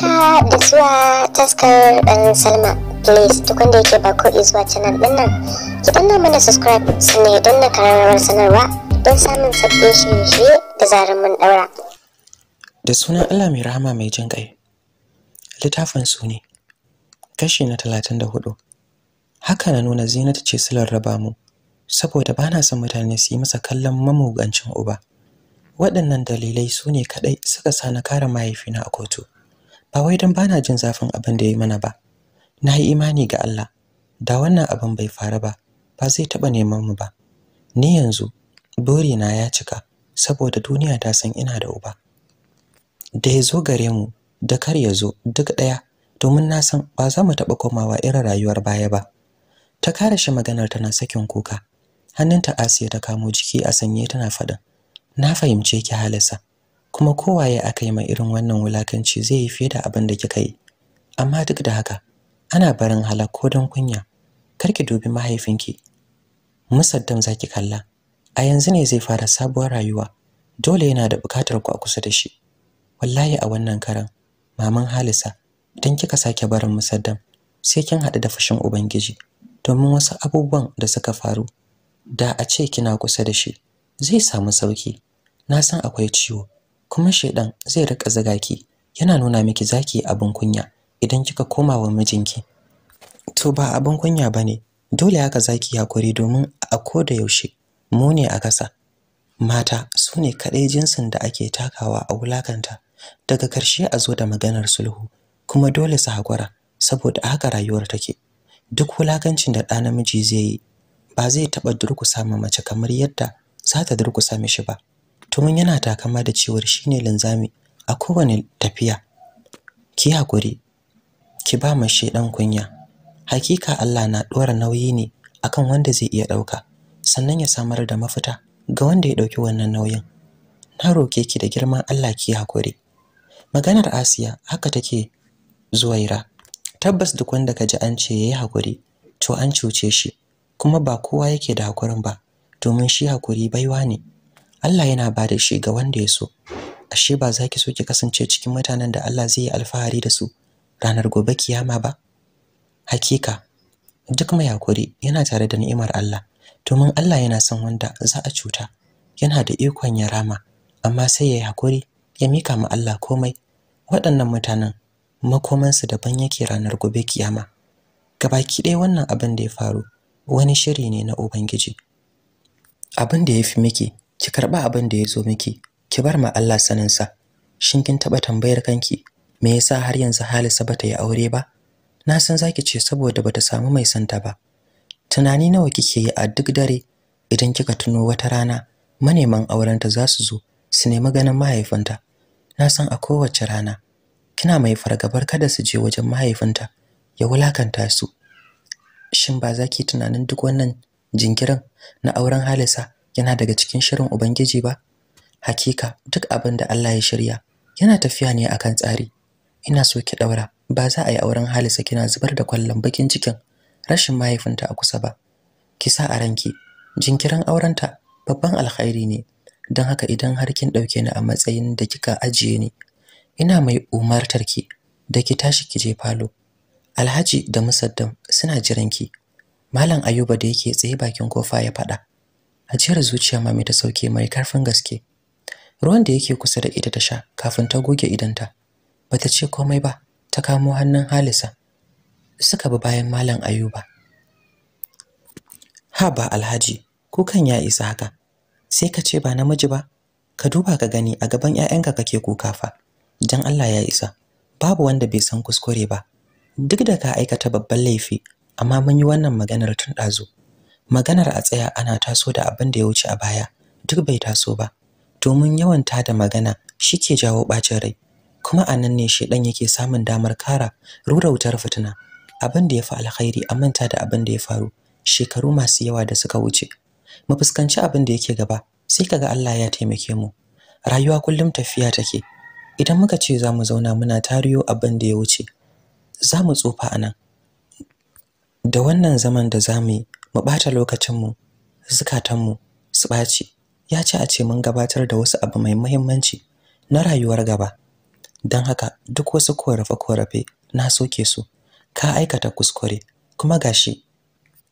haka da zuwa taskar dan salma please duk wanda yake ba ko zuwa canal din nan ki danna mana subscribe sannan ya danna karamar sanarwa don samun sabbin shirye-shirye da zarar mun daura da sunan allah mai rahama mai jin kai littafin su ne kashi na talatin da hudu haka na nuna zinata ce silar raba mu saboda ba na son mutane su yi masa kallon mamugancin uba waɗannan dalilai su ne kaɗai suka sa na kare mahaifina a kotu ba wai dan bana jin zafin abin da yayi mana ba na yi imani ga Allah da wannan abin bai faru ba ba zai taba neman mu ba ni yanzu bore na ya cika saboda duniya ta san ina da uba da ya zo gare mu da kar ya zo duk daya domin na san ba za mu taba komawa irin rayuwar baya ba ta kare shi maganar tana sakin kuka hannunta Asiya ta kamo jiki a sanye tana faɗin na fahimce ki halarsa. kuma kowaye aka yi mai irin wannan wulakanci zai yi fiye da abin da kika yi amma duk da haka ana barin halak ko don kunya kar ki dubi mahaifinki musaddam zaki kalla a yanzu ne zai fara sabuwar rayuwa dole yana da bukatar ku a kusa da shi wallahi a wannan karan maman Halisa idan kika sake barin musaddam sai kin haɗu da fushin ubangiji domin wasu abubuwan da suka faru da a ce kina kusa da shi zai samu sauki na san akwai ciwo kuma shedan zai rika zaga ki yana nuna miki zaki abin kunya idan kika koma wa mijinki to ba abin kunya bane dole haka zaki hakuri domin a koda yaushe mu ne a kasa mata su ne kadai jinsin da ake takawa a wulakanta daga karshe a zo da maganar sulhu kuma dole su hakura saboda haka rayuwar take duk wulakancin da ɗa namiji zai yi ba zai taɓa durkusa ma mace kamar yadda za ta durkusa mishi ba tumun yana takama da cewar shine linzami a kowane tafiya ki hakuri ki ba ma shedan kunya hakika Allah na dora nauyi ne akan wanda zai iya dauka sannan ya samar da mafita ga wanda ya dauki wannan nauyin na roke ki da girman Allah ki hakuri maganar Asiya haka take zuwaira tabbas duk wanda kaji an ce yayi hakuri to an cuce shi kuma ba kowa yake da hakurin ba domin shi hakuri baiwa ne Allah yana ba da shi ga wanda ya so ashe ba za ki so ki kasance cikin mutanen da Allah zai yi alfahari da su ranar gobe kiyama ba hakika duk mai hakuri yana tare da ni'imar Allah domin Allah yana son wanda za a cuta yana da ikon ya rama amma sai yayi hakuri ya mika ma Allah komai waɗannan mutanen makomansu daban yake ranar gobe kiyama gabaki ɗaya wannan abin da ya faru wani shiri ne na ubangiji abin da ya fi miki ki karba abin da ya zo miki ki bar ma Allah sanin sa shin kin taba tambayar kanki me yasa har yanzu Halisa bata yi aure ba na san zaki ce saboda bata samu mai santa ba tunani nawa kike yi a duk dare idan kika tuno wata rana maneman aurenta za su zo su nemi ganin mahaifinta na san a kowace rana kina mai fargabar kada su je wajen mahaifinta ya wulakanta su shin ba za tunanin duk wannan jinkirin na auren halisa yana daga cikin shirin ubangiji ba hakika duk abin da Allah ya shirya yana tafiya ne akan tsari ina so ki daura ba za a yi auren Halisa kina zubar da kwallon bakin cikin rashin mahaifinta a kusa ba ki sa a ranki jinkirin aurenta babban alkhairi ne don haka idan har kin ɗauke ni a matsayin da kika ajiye ni ina mai umartar ki da ki tashi ki je falo Alhaji da Musaddam suna jiran ki Malam Ayuba da yake tsaye bakin kofa ya faɗa. ajiyar zuciya mai ta sauke mai karfin gaske ruwan da yake kusa da ita ta sha kafin ta goge idanta ta ce komai ba ta kamo hannun Halisa suka bi bayan Malam Ayuba ha ba Alhaji kukan ya isa haka sai ka ce ba namiji ba ka duba ka gani a gaban ƴaƴanka kake kuka fa dan Allah ya isa babu wanda bai san kuskure ba duk da ka aikata babban laifi amma mun yi wannan maganar tun ɗazu maganar a tsaya ana taso da abin da ya wuce a baya duk bai taso ba domin yawan da magana shi ke jawo bacin rai kuma a nan ne shedan yake samun damar kara rura wutar fitina abin da ya fi alkhairi a manta da abin da ya faru shekaru masu yawa da suka wuce mu fuskanci abin da yake gaba sai kaga Allah ya taimake mu rayuwa kullum tafiya take idan muka ce za mu zauna muna tariyo abin da ya wuce za mu tsufa a da wannan zaman da za mu yi mu ɓata lokacinmu zukatanmu su ɓaci ya ci a ce mun gabatar da wasu abu mai muhimmanci na rayuwar gaba don haka duk wasu korafe-korafe na soke su ka aikata kuskure kuma gashi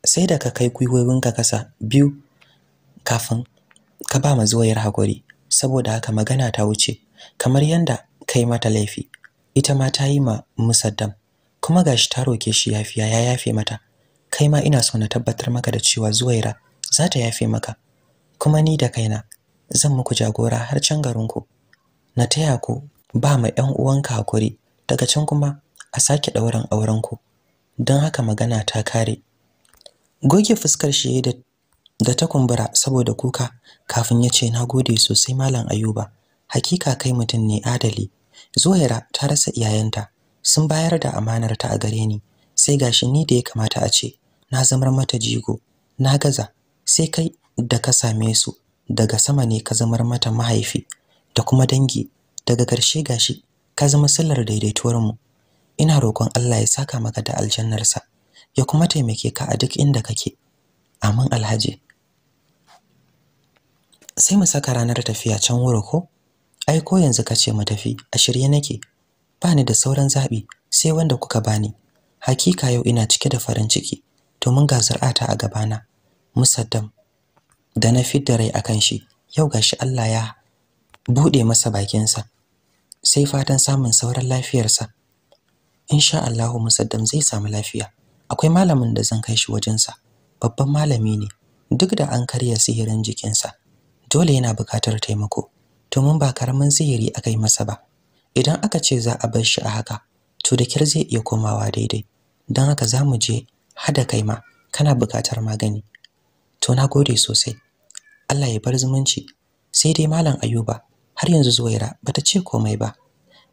sai da ka kai ka kasa biyu kafin ka ba ma zuwayar hakuri saboda haka magana ta wuce kamar yanda kai mata laifi ita ma ta yi ma musaddam kuma gashi ta roke shi yafiya ya yafe mata kai ma ina so na tabbatar maka da cewa Zuwaira za ta yafe maka kuma ni da kaina zan muku jagora har can garinku na taya ku ba ma 'yan uwanka hakuri daga can kuma a sake ɗauran aurenku don haka magana ta kare goge fuskar shi da da ta kumbura saboda kuka kafin ya ce nagode sosai malam ayuba hakika kai mutum ne adali zuwaira ta rasa iyayenta sun bayar da amanar ta a gare ni sai gashi ni da ya kamata a ce na zamar mata jigo na gaza sai kai da ka same su daga sama ne ka zamar mata mahaifi da kuma dangi daga ƙarshe gashi ka zama sallar daidaituwar mu ina roƙon Allah ya saka maka da aljannarsa ya kuma taimake ka a duk inda kake amin alhaji sai mu saka ranar tafiya can wuro ko ai ko yanzu ka ce mu tafi a shirye nake bani da sauran zaɓi, sai wanda kuka bani hakika yau ina cike da farin ciki domin ga zur'ata a gabana musaddam da na fidda rai akan shi yau gashi Allah ya bude masa bakinsa sai fatan samun sauran lafiyarsa insha Allah musaddam zai samu lafiya akwai malamin da zan kai shi wajen sa babban malami ne duk da an karya sihirin jikin sa dole yana buƙatar taimako domin ba karamin sihiri aka yi masa ba idan aka ce za a bar shi a haka to da kirje zai iya komawa daidai dan haka za mu je hada kai ma kana buƙatar magani to na gode sosai Allah ya bar zumunci sai dai malam Ayuba har yanzu Zuwaira bata ce komai ba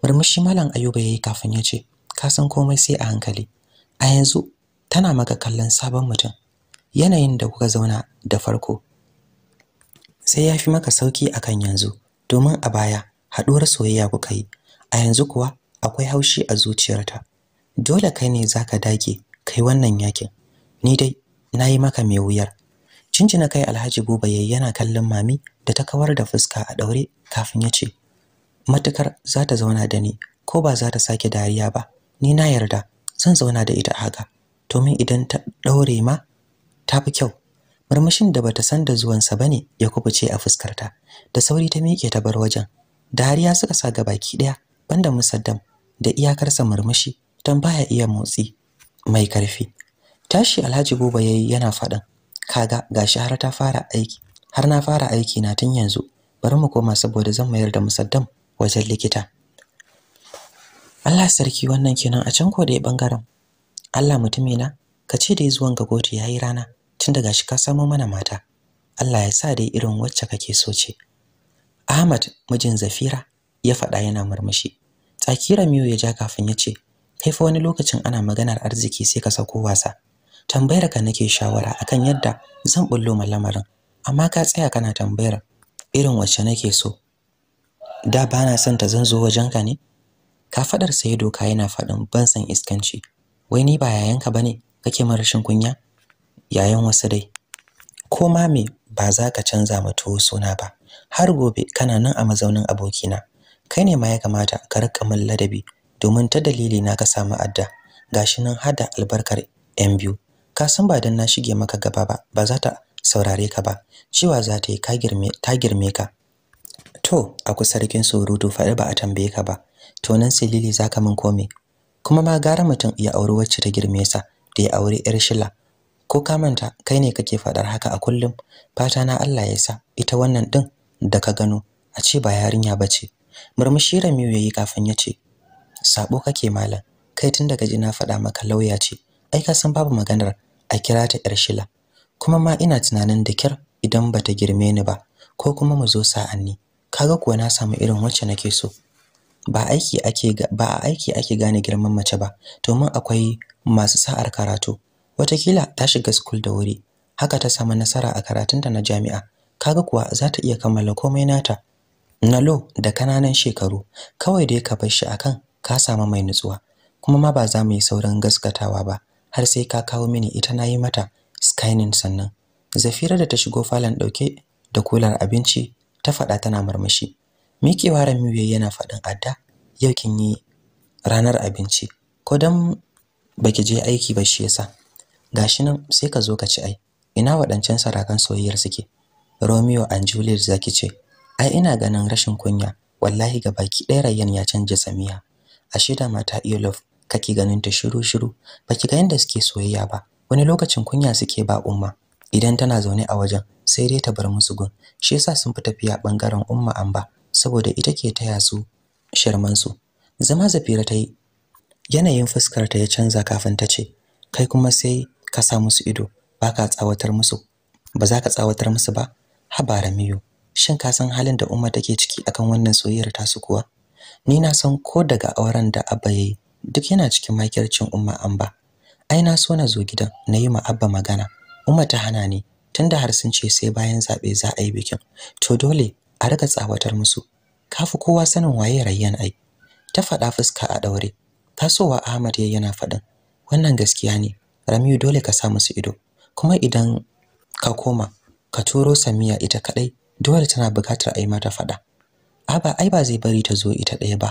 murmushi malam Ayuba yayi kafin ya ce ka san komai sai a hankali a yanzu tana maka kallon sabon mutum yanayin da kuka zauna da farko sai ya fi maka sauki akan yanzu domin a baya haɗuwar soyayya kuka yi a yanzu kuwa akwai haushi a zuciyarta dole kai ne zaka dage kai wannan yakin ni dai nayi maka mai wuyar cincina kai Alhaji Buba yayi yana kallon mami da ta kawar da fuska a daure kafin ya ce matukar za ta zauna da ni ko ba za ta sake dariya ba ni na yarda zan zauna da ita haka to min idan ta daure ma ta fi kyau murmushin da bata san da zuwansa bane ya kubuce a fuskarta da sauri ta miƙe ta bar wajen dariya suka sa ga baki daya banda musaddam da iyakarsa murmushi don baya iya motsi mai karfi tashi Alhaji Buba yayi yana faɗin kaga gashi har ta fara aiki har na fara aiki na tun yanzu bari mu koma saboda zan mayar da musaddam wajen likita Allah sarki wannan kenan a can ko da bangaren Allah mutumi na ka ce da zuwan ga goti yayi rana tun daga shi ka samo mana mata Allah ya sa dai irin wacce kake so ce Ahmad mijin Zafira ya faɗa yana murmushi Tsakira Miyo ya ja kafin ya ce kai fa wani lokacin ana maganar arziki sai ka sako wasa tambayar ka nake shawara akan yadda zan bullo ma lamarin amma ka tsaya kana tambayar irin wacce nake so da bana son ta zanzo zo wajenka ne ka fadar sai doka yana fadin ban san iskanci wai ni ba yayanka bane kake min rashin kunya yayan wasu dai ko ma me ba za ka canza ma tuwo suna ba har gobe kana nan a mazaunin abokina kai ne ma ya kamata ka rika min ladabi domin ta dalili na ka samu adda gashi nan hada albarkar yan biyu ka san ba dan na shige maka gaba ba ba za ta saurare ka ba cewa za ta yi ka girme ta girme ka to akwai sarkin surutu faɗi ba a tambaye ka ba to nan lili zaka min kome kuma ma gara mutum ya auri wacce ta girme sa da ya auri yar shila ko ka manta kai ne kake faɗar haka a kullum fata na Allah ya sa ita wannan din da ka gano a ce ba yarinya ba ce. murmushi Ramiu yayi kafin ya ce sabo kake malam kai tun daga ji na faɗa maka lauya ce ai ka san babu maganar a kira ta yar shila kuma ma ina tunanin da kyar idan bata girme ni ba ko kuma mu zo sa'anni kaga kuwa na samu irin wacce nake so ba aiki ake ba a aiki ake gane girman mace ba to mun akwai masu sa'ar karatu watakila ta shiga school da wuri haka ta samu nasara a karatunta na jami'a kaga kuwa za ta iya kammala komai nata Nalo da kananan shekaru kawai dai ka bar shi akan ka samu mai nutsuwa kuma ma ba za mu yi sauran gaskatawa ba har sai ka kawo mini ita na yi mata Skinin sannan zafira da ta shigo falon ɗauke da kular abinci ta faɗa tana marmashi miƙewa ramiyu yana faɗin adda yau kin yi ranar abinci ko dan baki je aiki ba shi yasa gashi nan sai ka zo ka ci ai ina waɗancan sarakan soyayyar suke Romeo and Juliet zaki ce ai ina ganin rashin kunya wallahi ga baki ɗaya Rayyan ya canja Samiya A da mata iya love kake ganin ta shiru shiru baki ga yanda suke soyayya ba wani lokacin kunya suke ba umma idan tana zaune a wajen sai dai ta bar musu gun shi yasa sun fi tafiya bangaren umma amba saboda ita ke taya su sharman su zama zafira ta yi yanayin fuskar ta ya canza kafin ta ce kai kuma sai ka sa musu ido ba ka tsawatar musu ba za ka tsawatar musu ba Habara miyo shin ka san halin da umma take ciki akan wannan soyayyar tasu kuwa ni na san ko daga auren da abba ya yi. duk yana cikin makircin umma amba ai na so na zo gidan na yi ma abba magana umma ta hana ni tunda har sun ce sai bayan zaɓe za a yi bikin to dole a riga tsawatar musu kafi kowa sanin waye rayyan ai ta faɗa fuska a daure tasowa Ahmad ya yana faɗin wannan gaskiya ne Ramiyu dole ka sa musu ido kuma idan ka koma ka turo Samiya ita kadai dole tana buƙatar ai mata faɗa Aba ai ba zai bari ta zo ita ɗaya ba.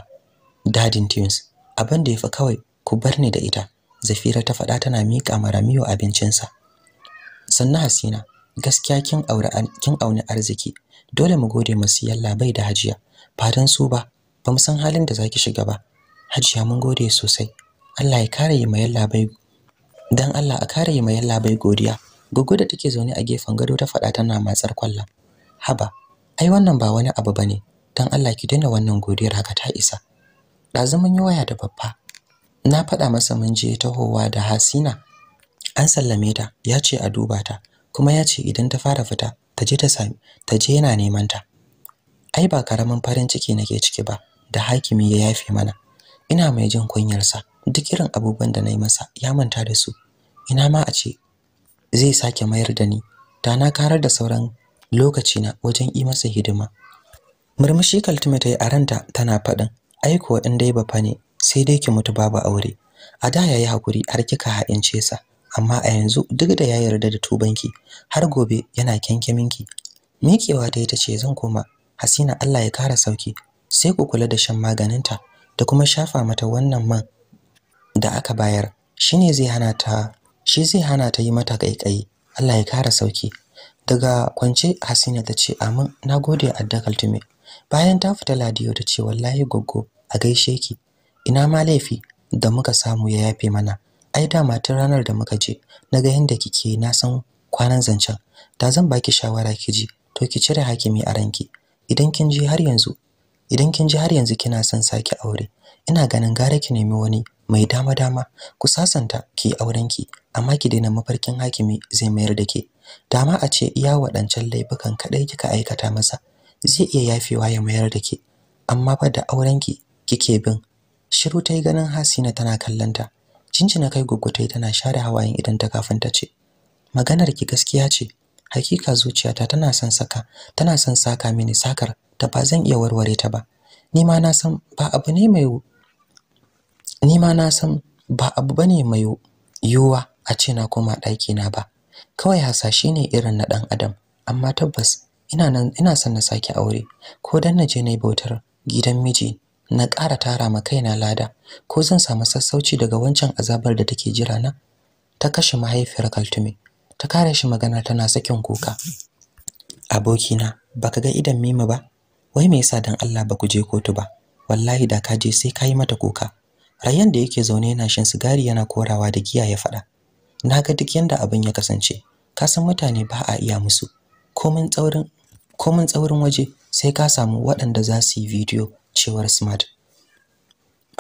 Dadin Tunes, abin da ya fi kawai ku bar ni da ita. Zafira ta faɗa tana miƙa ma abincin abincinsa. Sannan Hasina, gaskiya kin aure kin auni arziki. Dole mu gode masu yalla bai da Hajiya. Fatan su ba, ba mu san halin da zaki shiga ba. Hajiya mun gode sosai. Allah ya kare yi ma yalla bai dan Allah a kare yi ma yalla bai godiya. Gugu da take zaune a gefen gado ta faɗa tana matsar kwalla. Haba, ai wannan ba wani abu bane. dan Allah ki daina wannan godiyar haka ta isa Da mun yi waya da babba na faɗa masa mun je tahowa da Hasina an sallame ta ya ce a duba ta kuma ya ce idan ta fara fita ta je ta sami ta je yana neman ta ai ba karamin farin ciki nake ciki ba da hakimi ya yafe mana ina mai jin kunyarsa duk irin abubuwan da na yi masa ya manta da su ina ma a ce zai sake mayar da ni da na karar da sauran lokacina wajen yi masa hidima murmushi kaltume ta yi a ranta tana faɗin aiko in dai bafa ne sai dai ki mutu babu aure a da ya yi hakuri har kika ha'ince sa amma a yanzu duk da ya yarda da tubanki har gobe yana kyankyaminki miƙewa ta yi ta ce zan koma hasina Allah ya kara sauki sai ku kula da shan maganinta da kuma shafa mata wannan man da aka bayar shine zai hana ta shi zai hana ta yi mata kaikayi Allah ya kara sauki daga kwance Hasina ta ce amin nagode addakal kaltume. bayan ta fita ladiyo ta ce wallahi goggo a gaishe ki ina ma laifi da muka samu ya yafe mana ai da matar ranar da muka je na ga yanda kike na san kwanan zancen da zan baki shawara ki ji to ki cire hakimi a ranki idan kin ji har yanzu idan kin ji har yanzu kina son saki aure ina ganin gara ki nemi wani mai dama dama ku sasanta ki auren ki amma ki daina mafarkin hakimi zai mayar da ke dama a ce iya waɗancan laifukan kaɗai kika aikata masa zai iya yafewa ya mayar da ke amma fa da aurenki kike bin shiru ta yi ganin hasina tana kallanta jinjina kai guggutai tana share hawayen idan ta kafin ta ce maganar ki gaskiya ce hakika zuciyata tana son saka tana son saka mini sakar ta ba zan iya warware ta ba ni ma na san ba abu ne mai ni na san ba abu bane mai yiwuwa a ce na koma ɗaki na ba kawai hasashe ne irin na ɗan adam amma tabbas ina nan ina son na sake aure ko dan naje nayi bautar gidan miji na ƙara tara ma kaina lada ko zan samu sassauci daga wancan azabar da take jira na ta kashe mahaifiyar Kaltume ta kare shi magana tana sakin kuka abokina baka ga idan Mimi ba wai me yasa dan Allah ba ku je kotu ba wallahi da ka je sai kai mata kuka rayan da yake zaune yana shin sigari yana korawa da giya ya faɗa. Na ga duk yanda abin ya kasance kasan mutane ba a iya musu komin tsaurin komin tsaurin waje sai ka samu waɗanda za su yi bidiyo cewar smart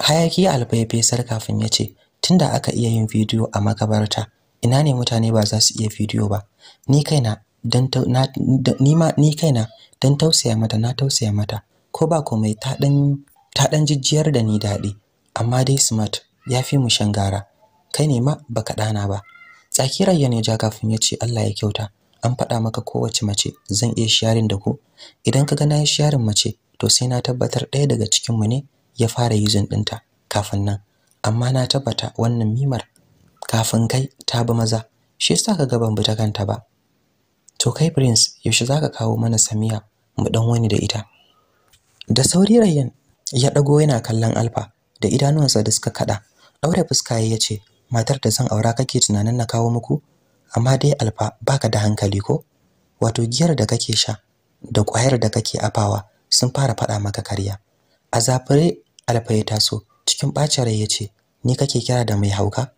hayaki alfaifesar kafin ya ce tunda aka iya yin bidiyo a makabarta ina ne mutane ba za su iya bidiyo ba ni kaina dan ni tausaya mata na tausaya mata ko ba komai ta dan ta jijjiyar da ni daɗi amma dai smart ya fi mu shangara kai ne ma baka ɗana ba Tsakirar ya ja kafin ya ce Allah ya kyauta an faɗa maka kowace mace zan iya sharing da ku idan kaga na yi sharing mace to sai na tabbatar ɗaya daga cikin mu ne ya fara using ɗinta kafin nan amma na tabbata wannan mimar kafin kai ta bi maza shi yasa kaga ban bi ta kanta ba to kai prince yaushe zaka kawo mana Samiya mu dan wani da ita da sauri Rayyan ya dago yana kallon Alfa da idanuwansa da suka kada daure fuska ya ce matar da zan aura kake tunanin na kawo muku amma dai alfa baka da hankali ko wato giyar da kake sha da ƙwayar da kake afawa sun fara faɗa maka karya a zafire alfa ya taso cikin ɓacin rai ya ce ni kake kira da mai hauka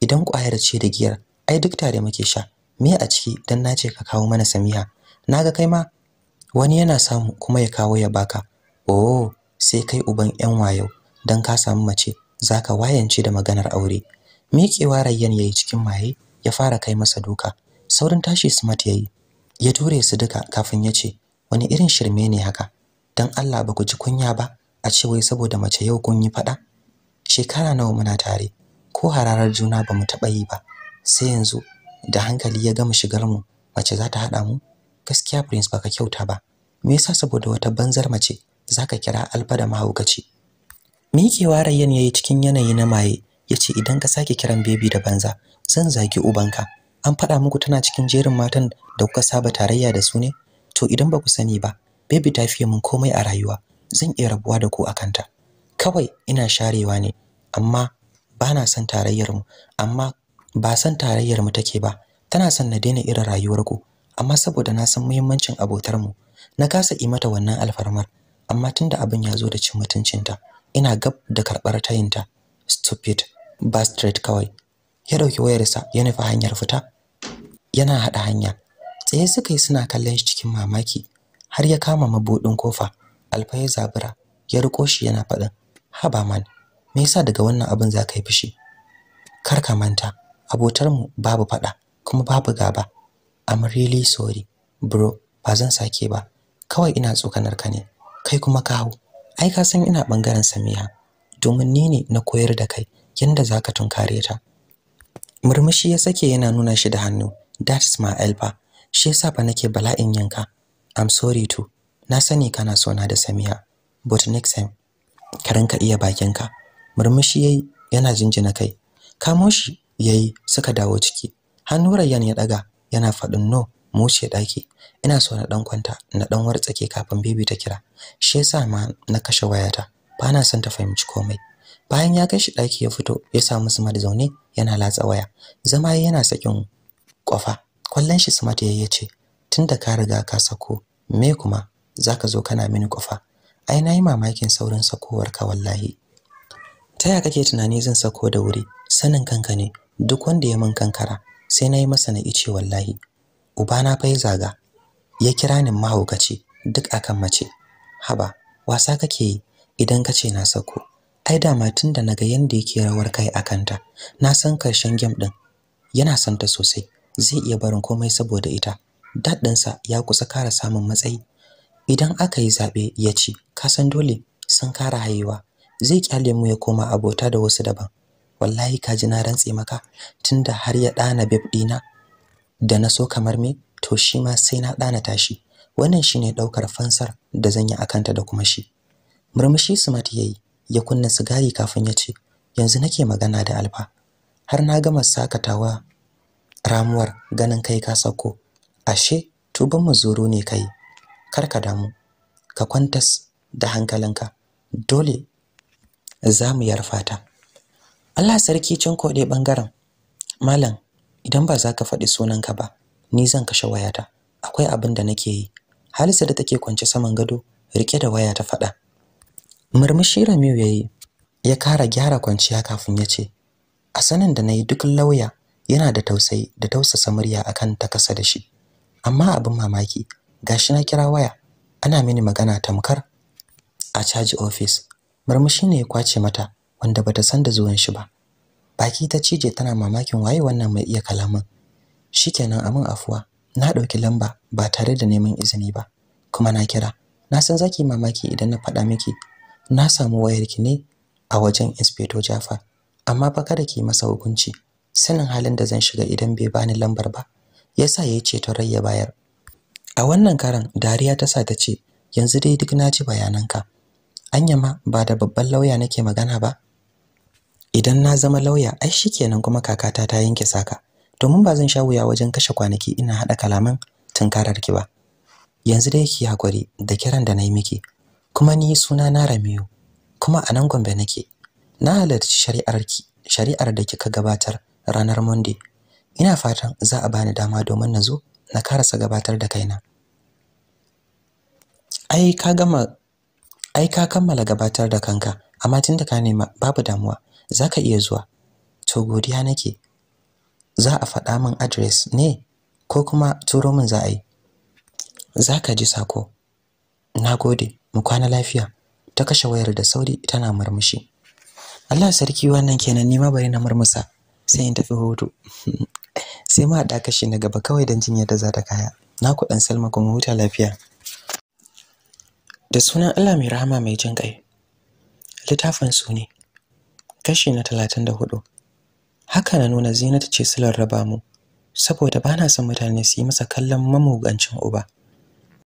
idan ƙwayar ce da giyar ai duk tare muke sha me a ciki dan na ce ka kawo mana samiha ga kai ma wani yana samu kuma ya kawo ya baka oh sai kai uban yan wayo dan ka samu mace zaka wayance da maganar aure miƙewa rayyan yayi cikin maye ya fara kai masa doka. saurin tashi smart yayi ya ture su duka kafin ya ce wani irin shirme ne haka dan Allah ba ku ji kunya ba a ce wai saboda mace yau kun yi fada shekara nawa muna tare ko hararar juna ba mu taba yi ba sai yanzu da hankali ya gama shigar mu mace za ta hada mu gaskiya prince baka kyauta ba me yasa saboda wata banzar mace zaka kira alfa da mahaukaci mike rayyan yayi cikin yanayi na maye yace idan ka sake kiran baby da banza zan zagi ubanka an faɗa muku tana cikin jerin matan da kuka saba tarayya da su ne to idan ba ku sani ba baby ta fiye min komai a rayuwa zan iya rabuwa da ku akanta kawai ina sharewa ne amma ba na son tarayyar mu amma ba san tarayyar mu take ba tana son na daina irin rayuwar ku amma saboda na san muhimmancin abotar mu na kasa yi mata wannan alfarmar amma tunda abin ya zo da cin mutuncinta ina gab da karɓar tayinta stupid bastard kawai ya dauki wayarsa ya nufi hanyar fita yana hada hanya tsaye suka yi suna kallon shi cikin mamaki har ya kama mabudin kofa alfa ya zabura ya riko shi yana faɗin haba man me yasa daga wannan abin za ka yi fushi kar ka manta Abotar mu babu faɗa kuma babu gaba i'm really sorry bro ba zan sake ba kawai ina tsokanar ka ne kai kuma kawo ai ka san ina bangaren samiha domin ni ne na koyar da kai yanda ka tunkare ta murmushi ya sake yana nuna shi da hannu that's my alpha shi yasa fa nake bala'in yanka i'm sorry to na sani kana so na da samiya but next time ka ranka iya bakinka murmushi yayi yana jinjina kai kamo shi yayi suka dawo ciki hannu Rayyan ya daga yana fadin no mu wuce daki ina so na dan kwanta na dan wartsake kafin bibi ta kira shi yasa ma na kashe wayata ba na son ta fahimci komai bayan ya kai shi daki ya fito ya samu da zaune yana latsa waya zama yana sakin kofa kallon shi Smart yayi ce tunda ka riga ka sako me kuma zaka zo kana mini kofa ai nayi mamakin saurin sakowar ka wallahi taya kake tunani zan sako da wuri sanin kanka ne duk wanda ya min kankara sai nayi masa na ice wallahi ubana fa zaga ya kira ni mahaukaci duk akan mace haba wasa kake yi idan kace na sako ai da ma tun da naga yanda yake rawar kai akanta kanta, na san karshen game din yana son ta sosai zai iya barin komai saboda ita daɗinsa ya kusa kara samun matsayi idan aka yi zaɓe ya ci, ka san dole sun kara haihuwa zai kyale mu ya koma abota da wasu daban wallahi ka ji na rantse maka tunda har ya ɗana bib ɗina da na so kamar me to shi ma sai na ɗana tashi wannan shine ɗaukar fansar da zan yi akanta da kuma shi murmushi mata yayi ya kunna sigari kafin ya ce yanzu nake magana da alfa har na gama sakatawa ramuwar ganin kai ka sauko. ashe tuban zuru ne kai kar ka damu ka kwantas da hankalinka dole za mu yarfa ta Allah sarki cin koɗe ɓangaren. malam idan ba za ka faɗi sunanka ba ni zan kashe wayata akwai abin da nake yi Halisa da take kwance saman gado rike da waya ta faɗa murmushi Ramiu yayi ya kara gyara kwanciya kafin ya ce a sanin da na yi duk lauya yana da tausayi da tausasa murya akan ta kasa da shi amma abin mamaki gashi na kira waya ana mini magana tamkar a caji ofis. murmushi ne ya kwace mata wanda bata san da zuwan shi ba baki ta cije tana mamakin waye wannan mai iya kalaman shikenan amin afuwa na dauki lamba ba tare da neman izini ba kuma na kira na san zaki mamaki idan na faɗa miki na samu wayarki ne a wajen inspector Jafar amma fa kada ki masa hukunci sanin halin da zan shiga idan bai bani lambar ba yasa yayi ceton ya bayar a wannan karan dariya ta sa ta ce yanzu dai duk na ji bayananka anya ma ba da babban lauya nake magana ba idan na zama lauya ai shikenan kuma kakata ta yanke saka domin ba zan sha wuya wajen kashe kwanaki ina hada kalaman tunkarar ki ba yanzu dai ki hakuri da kiran da nayi miki kuma ni suna na Ramiyu kuma a nan Gombe nake na halarci shari'ar shari'ar da kika gabatar ranar Monday ina fatan za a bani dama domin na zo na karasa gabatar da kaina ai ka gama ai kammala gabatar da kanka amma tunda ka nema babu damuwa zaka iya zuwa to godiya nake za a faɗa min address ne ko kuma turo min za a yi za ka ji sako Na gode. mu kwana lafiya ta kashe wayar da sauri tana murmushi Allah sarki wannan kenan nima bari na murmusa sai in tafi hoto sai ma da kashi na gaba kawai dan jinya da za ta kaya na ku dan Salma kuma huta lafiya da sunan Allah mai rahama mai jin kai littafin su ne kashi na 34 haka na nuna zinata ce sular raba mu saboda bana son mutane su yi masa kallon mamugancin uba